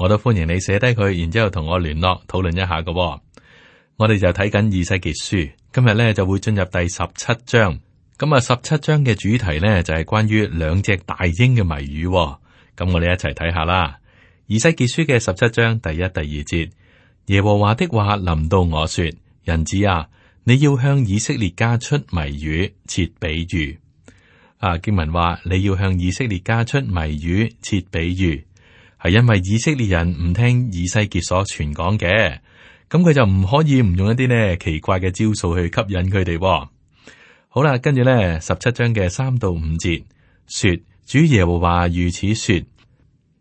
我都歡迎你寫低佢，然之後同我聯絡討論一下嘅。我哋就睇緊《以西結書》，今日咧就會進入第十七章。咁啊，十七章嘅主題呢就係關於兩隻大鷹嘅謎語。咁我哋一齊睇下啦，《以西結書》嘅十七章第一、第二節，耶和華的話臨到我說：人子啊，你要向以色列家出謎語、設比喻。啊，經文話你要向以色列家出謎語、設比喻。係因為以色列人唔聽以西結所傳講嘅，咁佢就唔可以唔用一啲呢奇怪嘅招數去吸引佢哋。好啦，跟住咧十七章嘅三到五節說：主耶和華如此說，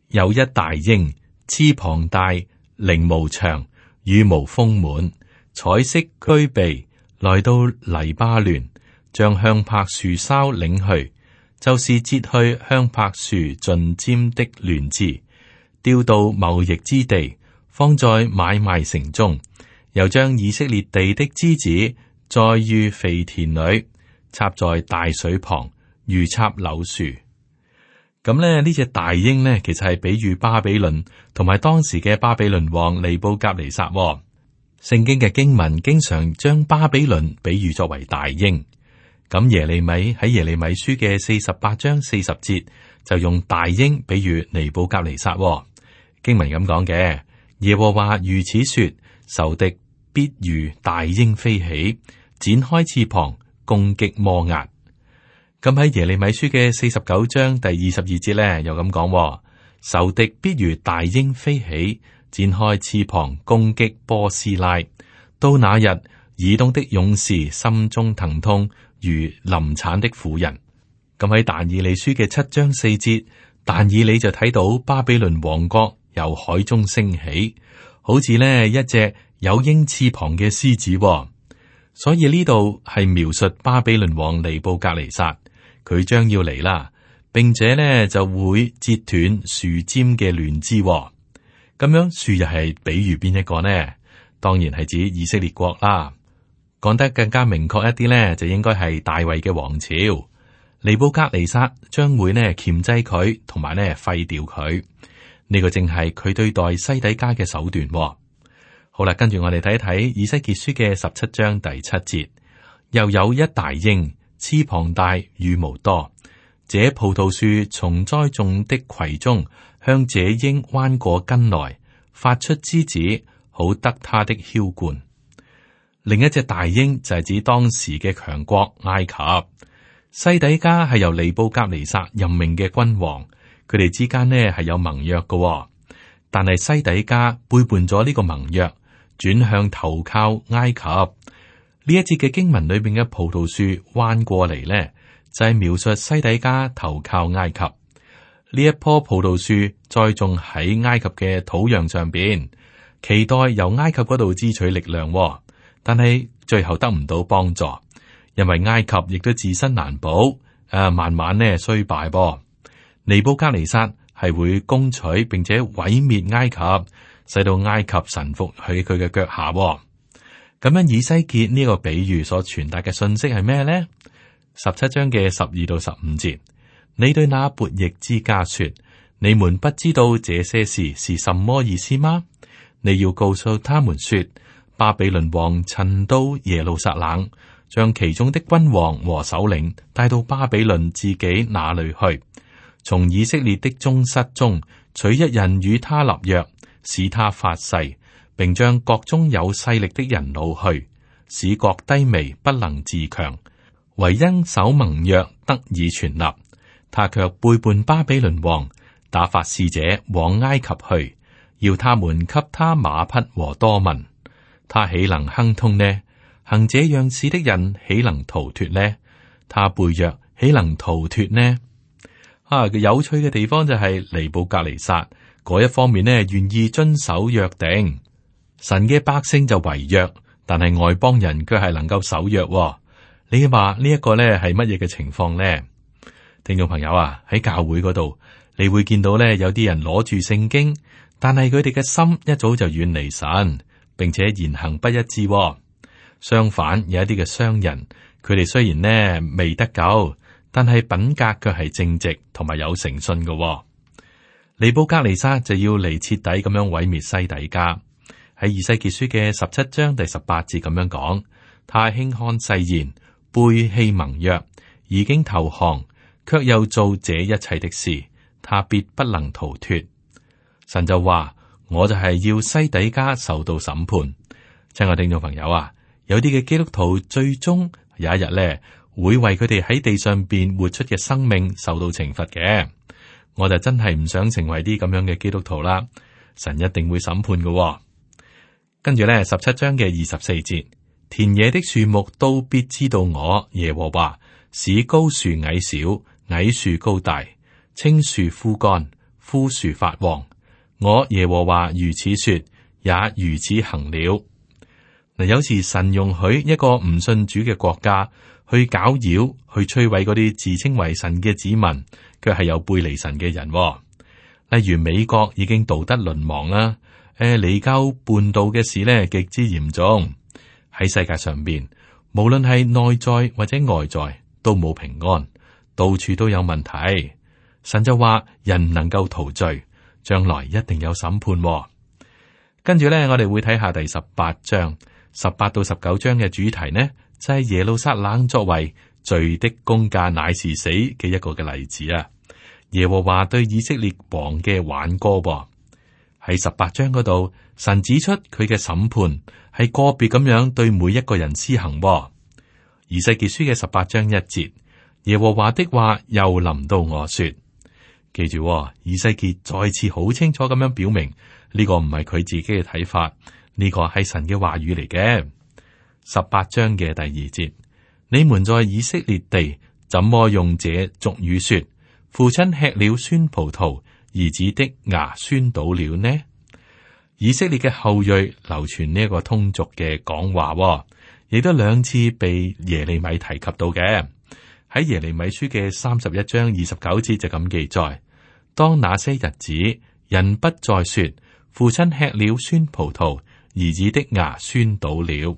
有一大鷹，翅膀大，翎毛長，羽毛豐滿，彩色俱備，來到黎巴嫩，將香柏樹梢領去，就是折去香柏樹盡尖的嫩枝。調到貿易之地，放在買賣城中，又將以色列地的枝子栽於肥田裏，插在大水旁，如插柳樹。咁咧呢隻大鷹呢，其實係比喻巴比倫同埋當時嘅巴比倫王尼布甲尼撒。聖經嘅經文經常將巴比倫比喻作為大鷹。咁耶利米喺耶利米書嘅四十八章四十節。就用大鷹，比如尼布甲尼撒、哦、經文咁講嘅，耶和華如此說：仇敵必如大鷹飛起，展開翅膀攻擊摩押。咁喺耶利米書嘅四十九章第二十二節呢，又咁講、哦：仇敵必如大鷹飛起，展開翅膀攻擊波斯拉。到那日，以東的勇士心中疼痛，如臨產的婦人。咁喺但以利書嘅七章四節，但以利就睇到巴比倫王國由海中升起，好似呢一隻有鷹翅膀嘅獅子。所以呢度係描述巴比倫王尼布格尼薩，佢將要嚟啦，並且呢就會折斷樹尖嘅亂枝。咁樣樹又係比喻邊一個呢？當然係指以色列國啦。講得更加明確一啲呢，就應該係大衛嘅王朝。尼布甲尼撒將會呢，鉗制佢，同埋呢廢掉佢。呢、這個正係佢對待西底家嘅手段、哦。好啦，跟住我哋睇一睇以西結書嘅十七章第七節，又有一大鷹，翅膀大，羽毛多。這葡萄樹從栽種的畦中向這鷹彎過根來，發出枝子，好得他的澆灌。另一隻大鷹就係指當時嘅強國埃及。西底加係由尼布甲尼撒任命嘅君王，佢哋之間呢係有盟約嘅、哦，但係西底加背叛咗呢個盟約，轉向投靠埃及。呢一節嘅經文裏邊嘅葡萄樹彎過嚟呢，就係、是、描述西底加投靠埃及。呢一棵葡萄樹栽種喺埃及嘅土壤上邊，期待由埃及嗰度支取力量、哦，但係最後得唔到幫助。因為埃及亦都自身難保，誒、啊，慢慢咧衰敗噃。尼布甲尼撒係會攻取並且毀滅埃及，使到埃及臣服喺佢嘅腳下。咁樣，以西結呢個比喻所傳達嘅信息係咩呢？十七章嘅十二到十五節，你對那叛逆之家說：你們不知道這些事是什麼意思嗎？你要告訴他們說：巴比倫王曾到耶路撒冷，將其中的君王和首領帶到巴比倫自己那裏去，從以色列的宗室中取一人與他立約，使他發誓，並將國中有勢力的人擄去，使國低微不能自強。唯因守盟約得以存立，他卻背叛巴比倫王，打發使者往埃及去，要他們給他馬匹和多民，他豈能亨通呢？行這樣事的人，豈能逃脫呢？他背約，豈能逃脫呢？啊，有趣嘅地方就係尼布甲尼撒嗰一方面呢，願意遵守約定，神嘅百姓就違約，但係外邦人佢係能夠守約喎。你話呢一個呢係乜嘢嘅情況呢？聽眾朋友啊，喺教會嗰度，你會見到呢有啲人攞住聖經，但係佢哋嘅心一早就遠離神，並且言行不一致喎。相反，有一啲嘅商人，佢哋雖然呢未得救，但係品格卻係正直同埋有誠信嘅，哦。尼布甲尼撒就要嚟徹底咁樣毀滅西底家。喺《以西結書》嘅十七章第十八節咁樣講：他輕看誓言背棄盟約，已經投降，卻又做這一切的事，他必不能逃脱。神就話：我就係要西底家受到審判。親愛聽眾朋友啊！有啲嘅基督徒最終有一日咧，會為佢哋喺地上邊活出嘅生命受到懲罰嘅。我就真係唔想成為啲咁樣嘅基督徒啦。神一定會審判嘅喎。跟住咧，十七章嘅二十四節，田野的樹木都必知道我耶和華，使高樹矮小，矮樹高大，青樹枯乾，枯樹發旺。我耶和華如此說，也如此行了。嗱，有時神容許一個唔信主嘅國家去攪擾、去摧毀嗰啲自稱為神嘅子民，佢係有背離神嘅人。例如美國已經道德淪亡啦，誒，離經叛道嘅事呢極之嚴重。喺世界上邊，無論係內在或者外在，都冇平安，到處都有問題。神就話人唔能夠逃罪，將來一定有審判。跟住呢，我哋會睇下第十八章。十八到十九章嘅主題呢，就係、是、耶路撒冷作為罪的公價乃是死嘅一個嘅例子啊！耶和華對以色列王嘅挽歌。喺十八章嗰度，神指出佢嘅審判係個別咁樣對每一個人施行噃，以西結書嘅十八章一節，耶和華的話又臨到我說，記住、哦，以西結再次好清楚咁樣表明呢、這個唔係佢自己嘅睇法。呢個係神嘅話語嚟嘅，十八章嘅第二節，你們在以色列地，怎麼用這俗語說，父親吃了酸葡萄，兒子的牙酸倒了呢？以色列嘅後裔流傳呢一個通俗嘅講話，哦，亦都兩次被耶利米提及到嘅。喺耶利米書嘅三十一章二十九節就咁記載：當那些日子，人不再說，父親吃了酸葡萄。兒子的牙酸倒了，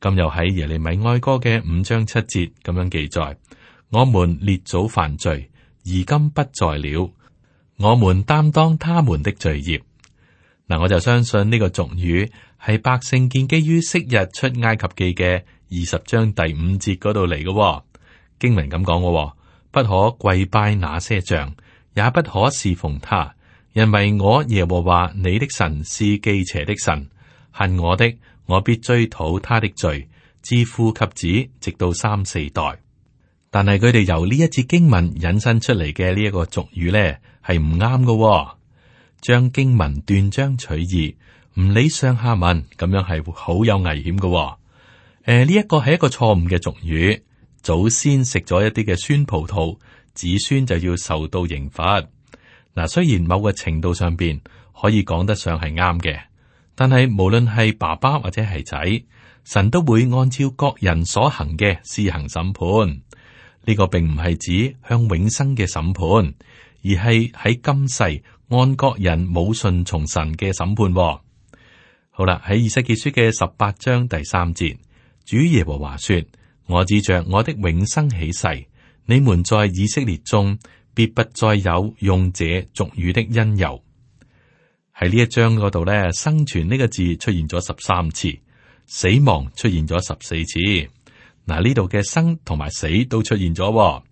咁又喺耶利米哀歌嘅五章七節咁樣記載：我們列祖犯罪，而今不在了，我們擔當他們的罪孽。嗱，我就相信呢個俗語係百姓建基於昔日出埃及記嘅二十章第五節嗰度嚟嘅喎。經文咁講嘅，不可跪拜那些像，也不可侍奉他，因為我耶和華你的神是忌邪的神。恨我的，我必追討他的罪，自父及子，直到三四代。但係佢哋由呢一節經文引申出嚟嘅呢一個俗語咧，係唔啱嘅。將經文斷章取義，唔理上下文，咁樣係好有危險嘅、哦。誒、呃，呢一個係一個錯誤嘅俗語。祖先食咗一啲嘅酸葡萄，子孫就要受到刑罰。嗱，雖然某個程度上邊可以講得上係啱嘅。但係無論係爸爸或者係仔，神都會按照各人所行嘅施行審判。呢、這個並唔係指向永生嘅審判，而係喺今世按各人冇順從神嘅審判。好啦，喺《以西結書》嘅十八章第三節，主耶和華說：我指着我的永生起誓，你們在以色列中，必不再有用這俗語的因由。喺呢一章嗰度咧，生存呢個字出現咗十三次，死亡出現咗十四次。嗱，呢度嘅生同埋死都出現咗，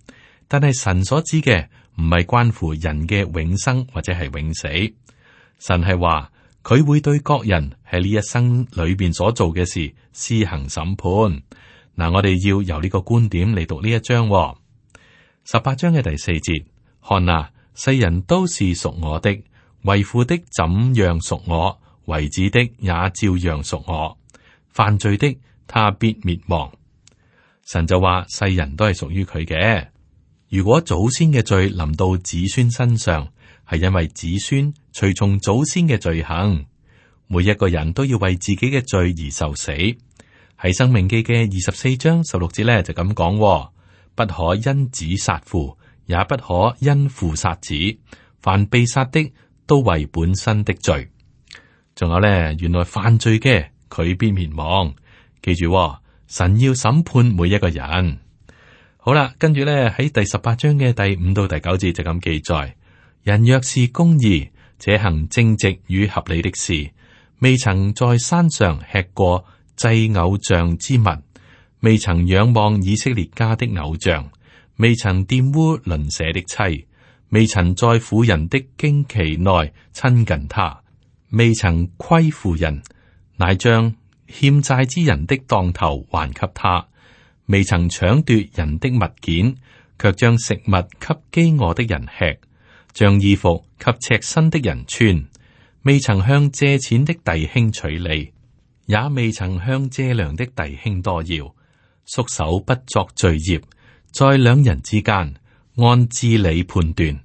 但係神所指嘅唔係關乎人嘅永生或者係永死，神係話佢會對各人喺呢一生裏邊所做嘅事施行審判。嗱，我哋要由呢個觀點嚟讀呢一章，十八章嘅第四節，看啊，世人都是屬我的。為父的怎樣屬我，為子的也照樣屬我。犯罪的，他必滅亡。神就話：世人都係屬於佢嘅。如果祖先嘅罪臨到子孫身上，係因為子孫隨從祖先嘅罪行。每一個人都要為自己嘅罪而受死。喺《申命記》嘅二十四章十六節呢，就咁講：不可因子殺父，也不可因父殺子。凡被殺的。都為本身的罪，仲有呢，原來犯罪嘅佢必滅亡。記住，哦，神要審判每一個人。好啦，跟住呢，喺第十八章嘅第五到第九節就咁記載：人若是公義，且行正直與合理的事，未曾在山上吃過祭偶像之物，未曾仰望以色列家的偶像，未曾玷污鄰舍的妻。未曾在婦人的經期內親近他，未曾虧負人，乃將欠債之人的當頭還給他；未曾搶奪人的物件，却將食物給飢餓的人吃，將衣服給赤身的人穿；未曾向借錢的弟兄取利，也未曾向借糧的弟兄多要，縮手不作罪孽，在兩人之間。按至理判斷，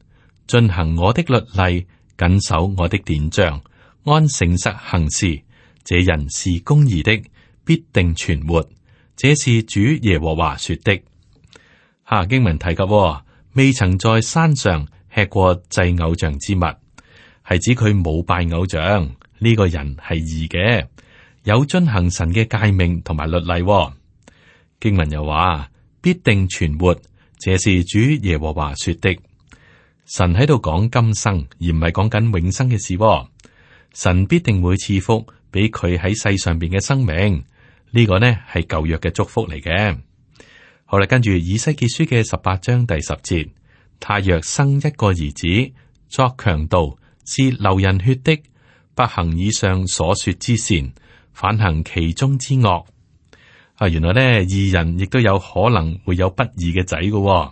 進行我的律例，謹守我的典章，按誠實行事，這人是公義的，必定存活。這是主耶和華說的。下、啊、經文提及、哦，未曾在山上吃過祭偶像之物，係指佢冇拜偶像呢、這個人係義嘅，有遵行神嘅誡命同埋律例、哦。經文又話，必定存活。這是主耶和華說的，神喺度講今生，而唔係講緊永生嘅事、哦。神必定會賜福俾佢喺世上邊嘅生命，呢、這個呢係舊約嘅祝福嚟嘅。好啦，跟住以西結書嘅十八章第十節，他若生一個兒子作強盜，是流人血的，不行以上所說之善，反行其中之惡。啊，原來呢，二人亦都有可能會有不義嘅仔㗎，哦。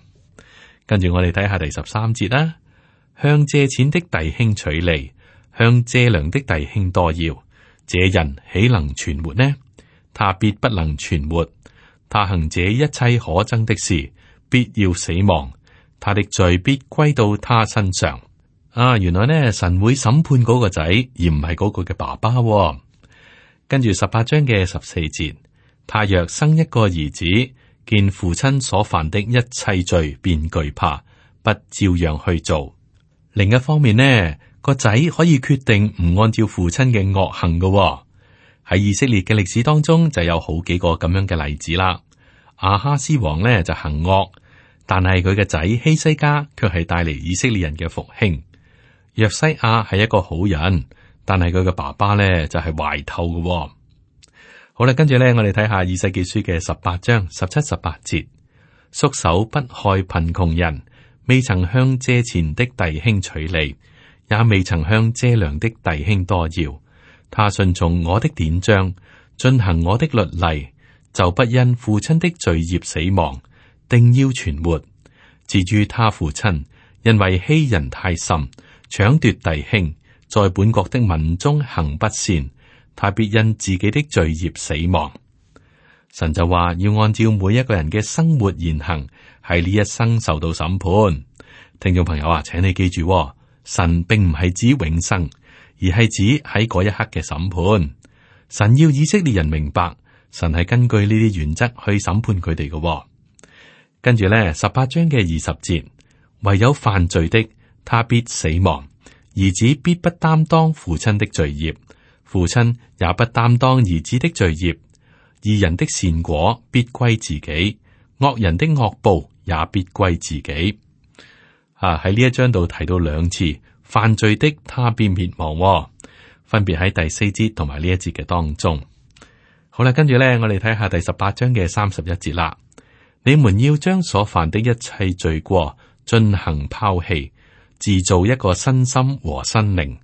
跟住我哋睇下第十三節啦，啊。向借錢的弟兄取利，向借糧的弟兄多要，這人豈能存活呢？他必不能存活。他行這一切可憎的事，必要死亡。他的罪必歸到他身上。啊，原來呢，神會審判嗰個仔，而唔係嗰個嘅爸爸，哦。跟住十八章嘅十四節。他若生一個兒子，見父親所犯的一切罪，便懼怕，不照樣去做。另一方面呢，個仔可以決定唔按照父親嘅惡行嘅喎。喺以色列嘅歷史當中，就有好幾個咁樣嘅例子啦。亞哈斯王呢就行惡，但係佢嘅仔希西家卻係帶嚟以色列人嘅復興。約西亞係一個好人，但係佢嘅爸爸呢就係壞透嘅喎。好啦，跟住咧，我哋睇下《以西結書》嘅十八章十七、十八節：，縮手不害貧窮人，未曾向借錢的弟兄取利，也未曾向借糧的弟兄多要。他順從我的典章，進行我的律例，就不因父親的罪孽死亡，定要存活。至於他父親，因為欺人太甚，搶奪弟兄，在本國的民中行不善。他必因自己的罪孽死亡。神就話要按照每一個人嘅生活言行喺呢一生受到審判。聽眾朋友啊，請你記住，神並唔係指永生，而係指喺嗰一刻嘅審判。神要以色列人明白，神係根據呢啲原則去審判佢哋嘅。跟住咧，十八章嘅二十節，唯有犯罪的，他必死亡；兒子必不擔當父親的罪孽。父親也不擔當兒子的罪孽，二人的善果必歸自己，惡人的惡報也必歸自己。啊，喺呢一章度提到兩次犯罪的，他必滅亡，哦，分別喺第四節同埋呢一節嘅當中。好啦，跟住咧，我哋睇下第十八章嘅三十一節啦。你們要將所犯的一切罪過進行拋棄，自造一個身心和心靈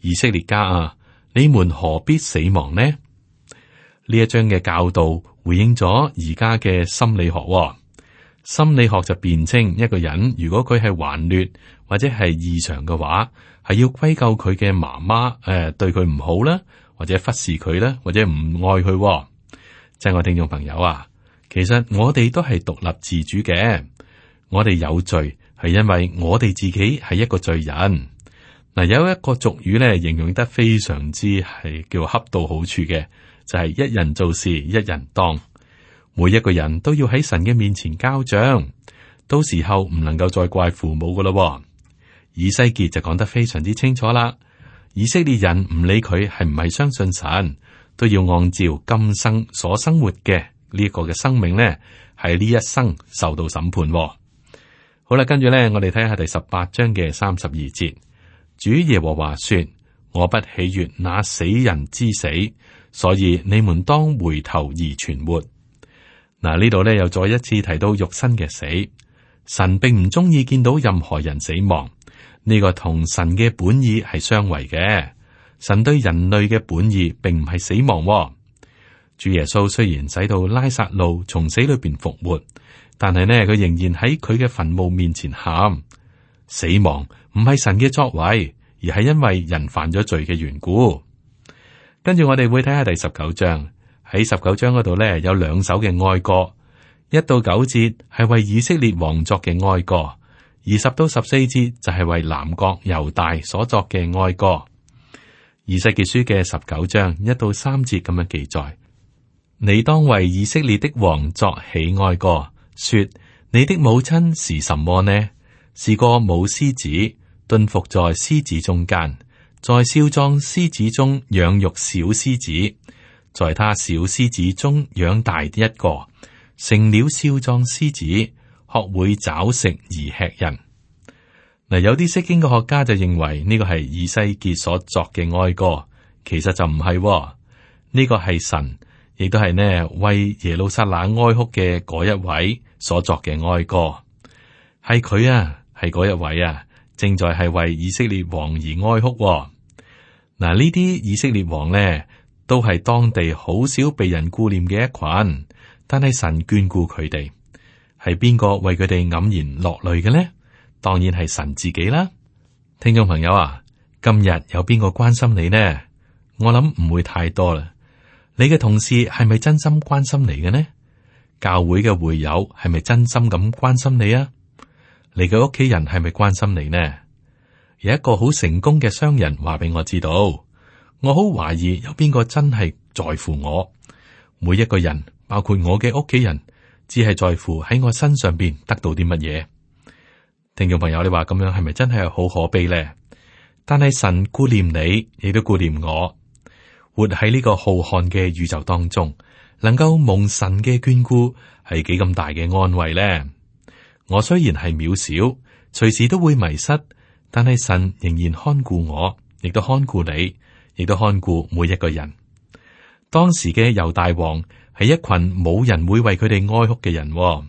以色列家啊。你們何必死亡呢？呢一章嘅教導回應咗而家嘅心理學、哦，心理學就辯稱一個人如果佢係頑劣或者係異常嘅話，係要歸咎佢嘅媽媽，誒、呃、對佢唔好啦，或者忽視佢啦，或者唔愛佢。哦。真係我聽眾朋友啊，其實我哋都係獨立自主嘅，我哋有罪係因為我哋自己係一個罪人。嗱、啊，有一個俗語咧，形容得非常之係叫恰到好處嘅，就係、是、一人做事一人當，每一個人都要喺神嘅面前交賬，到時候唔能夠再怪父母噶啦。以西結就講得非常之清楚啦。以色列人唔理佢係唔係相信神，都要按照今生所生活嘅呢一個嘅生命咧，喺呢一生受到審判。好啦，跟住咧，我哋睇下第十八章嘅三十二節。主耶和華說：我不喜悅那死人之死，所以你們當回頭而存活。嗱、啊、呢度呢又再一次提到肉身嘅死，神並唔中意見到任何人死亡，呢、這個同神嘅本意係相違嘅。神對人類嘅本意並唔係死亡、哦。主耶穌雖然使到拉撒路從死裏邊復活，但係呢，佢仍然喺佢嘅墳墓面前喊死亡。唔係神嘅作為，而係因為人犯咗罪嘅緣故。跟住我哋會睇下第十九章。喺十九章嗰度呢，有兩首嘅愛歌，一到九節係為以色列王作嘅愛歌，二十到十四節就係為南國猶大所作嘅愛歌。《以西結書》嘅十九章一到三節咁樣記載：你當為以色列的王作喜愛歌，說你的母親是什麼呢？是個母獅子。馴服在獅子中間，在少壯獅子中養育小獅子，在他小獅子中養大一個，成了少壯獅子，學會找食而吃人。嗱、啊，有啲聖經嘅學家就認為呢個係以西結所作嘅哀歌，其實就唔係、哦，呢、這個係神，亦都係呢，為耶路撒冷哀哭嘅嗰一位所作嘅哀歌，係佢啊，係嗰一位啊。正在係為以色列王而哀哭喎。嗱，呢啲以色列王咧，都係當地好少被人顧念嘅一群，但係神眷顧佢哋。係邊個為佢哋黯然落淚嘅呢？當然係神自己啦。聽眾朋友啊，今日有邊個關心你呢？我諗唔會太多啦。你嘅同事係咪真心關心你嘅呢？教會嘅會友係咪真心咁關心你啊？你嘅屋企人係咪關心你呢？有一個好成功嘅商人話俾我知道，我好懷疑有邊個真係在乎我。每一個人，包括我嘅屋企人，只係在乎喺我身上邊得到啲乜嘢。聽眾朋友，你話咁樣係咪真係好可悲呢？但係神顧念你，亦都顧念我，活喺呢個浩瀚嘅宇宙當中，能夠蒙神嘅眷顧，係幾咁大嘅安慰呢？我雖然係渺小，隨時都會迷失，但係神仍然看顧我，亦都看顧你，亦都看顧每一個人。當時嘅猶大王係一群冇人會為佢哋哀哭嘅人、哦。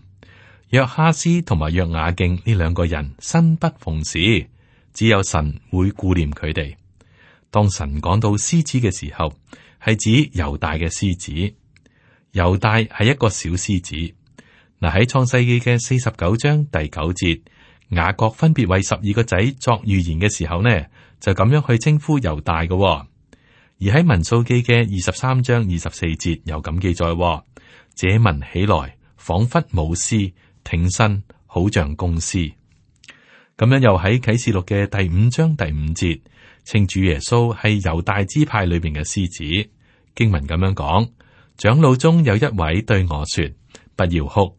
約哈斯同埋約雅敬呢兩個人生不逢時，只有神會顧念佢哋。當神講到獅子嘅時候，係指猶大嘅獅子。猶大係一個小獅子。喺創世紀嘅四十九章第九節，雅各分別為十二個仔作預言嘅時候呢，就咁樣去稱呼猶大嘅、哦。而喺民數記嘅二十三章二十四節，又咁記載、哦：，這民起來仿佛母獅，挺身好像公獅。咁樣又喺啟示錄嘅第五章第五節，稱主耶穌係猶大支派裏邊嘅獅子。經文咁樣講，長老中有一位對我說：，不要哭。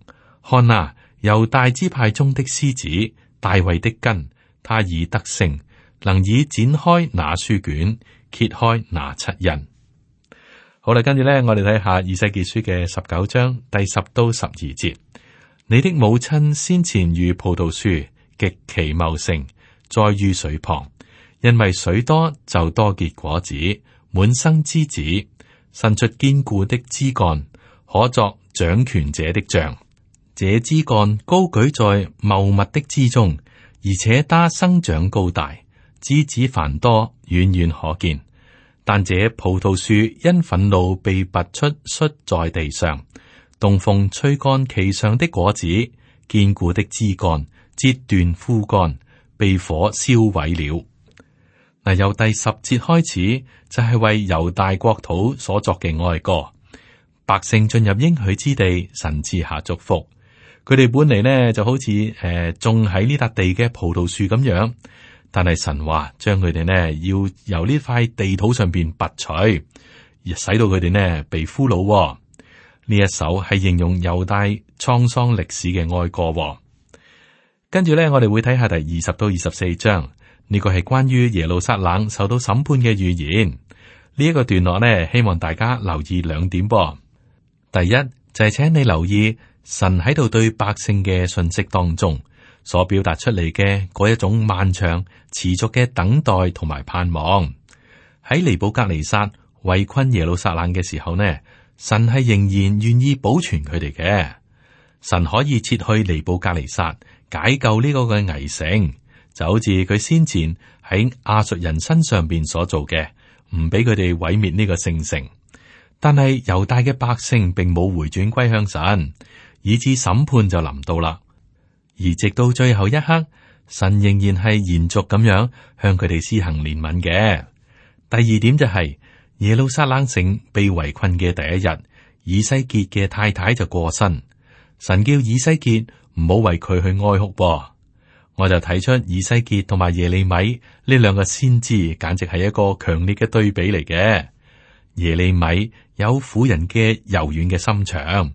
看啊，由大支派中的獅子大衛的根，他已得勝，能以展開那書卷，揭開那七印。好啦，跟住咧，我哋睇下《以西結書》嘅十九章第十到十二節。你的母親先前如葡萄樹極其茂盛，栽於水旁，因為水多就多結果子，滿生枝子，伸出堅固的枝幹，可作掌權者的像。這枝幹高舉在茂密的枝中，而且它生長高大，枝子繁多，遠遠可見。但這葡萄樹因憤怒被拔出，摔在地上，東風吹乾其上的果子，堅固的枝幹折斷枯乾，被火燒毀了。嗱、啊，由第十節開始就係、是、為猶大國土所作嘅哀歌，百姓進入應許之地，神賜下祝福。佢哋本嚟呢就好似誒、呃、種喺呢笪地嘅葡萄樹咁樣，但係神話將佢哋呢要由呢塊地土上邊拔除，而使到佢哋呢被俘虜、哦。呢一首係形容猶大滄桑歷史嘅哀歌。跟住呢，我哋會睇下第二十到二十四章，呢個係關於耶路撒冷受到審判嘅預言。呢、這、一個段落呢，希望大家留意兩點、哦。噃第一就係、是、請你留意。神喺度對百姓嘅信息當中，所表達出嚟嘅嗰一種漫長、持續嘅等待同埋盼望，喺尼布格尼撒圍困耶路撒冷嘅時候呢，神係仍然願意保存佢哋嘅，神可以撤去尼布格尼撒解救呢個嘅危城，就好似佢先前喺亞述人身上邊所做嘅，唔俾佢哋毀滅呢個聖城。但係猶大嘅百姓並冇回轉歸向神。以致審判就臨到啦，而直到最後一刻，神仍然係延續咁樣向佢哋施行憐憫嘅。第二點就係、是、耶路撒冷城被圍困嘅第一日，以西結嘅太太就過身，神叫以西結唔好為佢去哀哭。噃。我就睇出以西結同埋耶利米呢兩個先知，簡直係一個強烈嘅對比嚟嘅。耶利米有婦人嘅柔軟嘅心腸。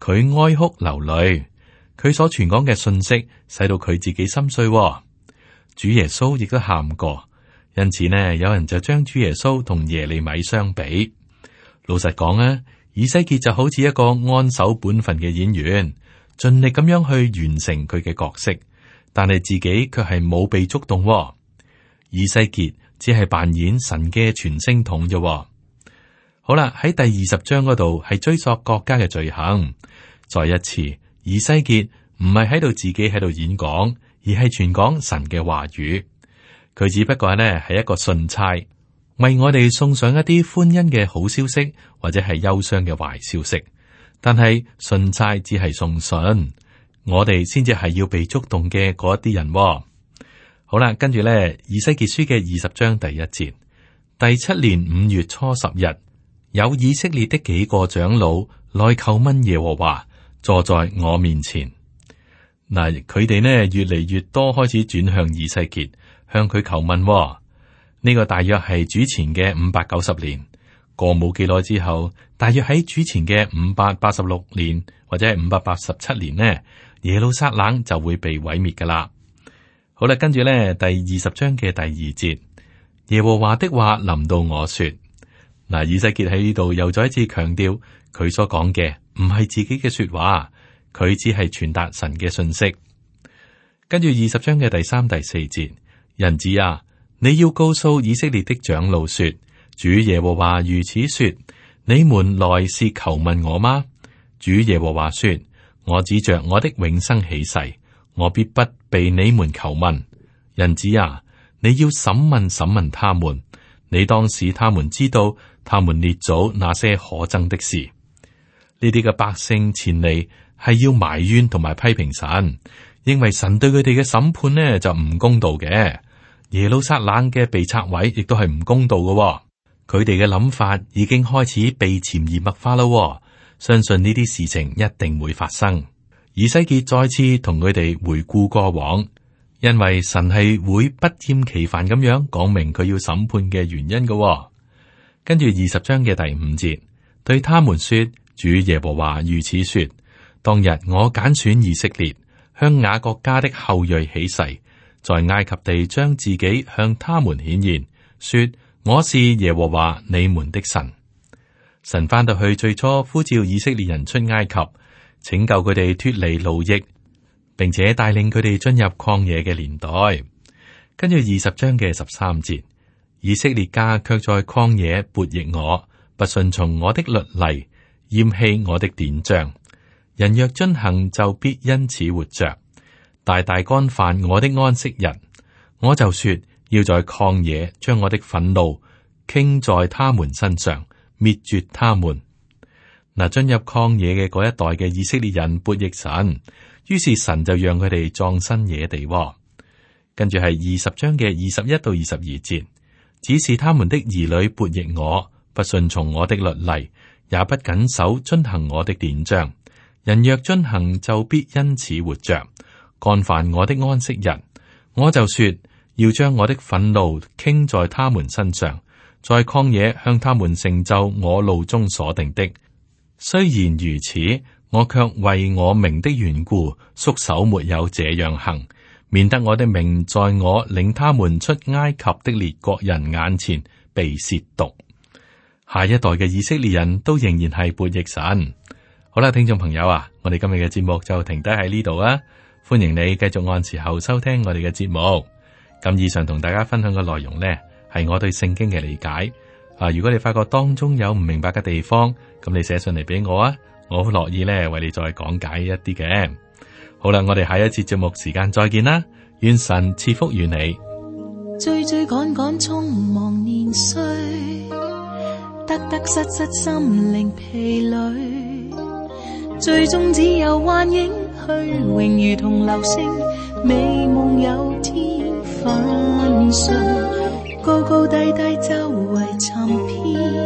佢哀哭流淚，佢所傳講嘅信息使到佢自己心碎、哦。主耶穌亦都喊過，因此呢，有人就將主耶穌同耶利米相比。老實講啊，以西結就好似一個安守本分嘅演員，盡力咁樣去完成佢嘅角色，但係自己卻係冇被觸動、哦。以西結只係扮演神嘅傳聲筒啫、哦。好啦，喺第二十章嗰度係追溯國家嘅罪行。再一次，以西結唔係喺度自己喺度演講，而係傳講神嘅話語。佢只不過咧係一個信差，為我哋送上一啲歡欣嘅好消息，或者係憂傷嘅壞消息。但係信差只係送信，我哋先至係要被觸動嘅嗰一啲人哦。好啦，跟住咧，以西結書嘅二十章第一節，第七年五月初十日。有以色列的幾個長老來叩問耶和華，坐在我面前。嗱，佢哋呢越嚟越多開始轉向以西結，向佢求問。呢、這個大約係主前嘅五百九十年。過冇幾耐之後，大約喺主前嘅五百八十六年或者五百八十七年呢，耶路撒冷就會被毀滅噶啦。好啦，跟住呢第,第二十章嘅第二節，耶和華的話臨到我說。嗱，以西結喺呢度又再一次強調，佢所講嘅唔係自己嘅說話，佢只係傳達神嘅信息。跟住二十章嘅第三、第四節，人子啊，你要告訴以色列的長老說，主耶和華如此說：你們來是求問我嗎？主耶和華說：我指着我的永生起誓，我必不被你們求問。人子啊，你要審問、審問他們。你當使他們知道，他們列祖那些可憎的事。呢啲嘅百姓前嚟係要埋怨同埋批評神，認為神對佢哋嘅審判呢就唔公道嘅。耶路撒冷嘅被拆毀亦都係唔公道嘅、哦。佢哋嘅諗法已經開始被潛移默化啦、哦。相信呢啲事情一定會發生。以西結再次同佢哋回顧過往。因為神係會不厭其煩咁樣講明佢要審判嘅原因嘅、哦，跟住二十章嘅第五節，對他們說：主耶和華如此說，當日我揀選以色列，向雅各家的後裔起誓，在埃及地將自己向他們顯現，說我是耶和華你們的神。神翻到去最初呼召以色列人出埃及，拯救佢哋脫離奴役。並且帶領佢哋進入曠野嘅年代，跟住二十章嘅十三節，以色列家卻在曠野悖逆我，不順從我的律例，厭棄我的典章。人若遵行，就必因此活着；大大干犯我的安息日，我就說要在曠野將我的憤怒傾在他們身上，滅絕他們。嗱，進入曠野嘅嗰一代嘅以色列人，悖逆神。於是神就讓佢哋葬身野地。跟住係二十章嘅二十一到二十二節，只是他們的兒女悖逆我，不順從我的律例，也不謹守遵行我的典章。人若遵行，就必因此活着，干犯我的安息日，我就說要將我的憤怒傾在他們身上，在曠野向他們成就我怒中所定的。雖然如此，我卻為我名的緣故，縮手沒有這樣行，免得我的名在我領他們出埃及的列國人眼前被褻瀆。下一代嘅以色列人都仍然係叛逆神。好啦，聽眾朋友啊，我哋今日嘅節目就停低喺呢度啊。歡迎你繼續按時候收聽我哋嘅節目。咁以上同大家分享嘅內容呢，係我對聖經嘅理解啊。如果你發覺當中有唔明白嘅地方，咁你寫信嚟俾我啊。我好樂意咧為你再講解一啲嘅。好啦，我哋下一次節目時間再見啦，願神賜福於你。追追趕趕趕，匆忙年歲，得得失失，心靈疲累，最終只有幻影虛榮，如同流星，美夢有天粉碎，高高低低，周圍尋遍。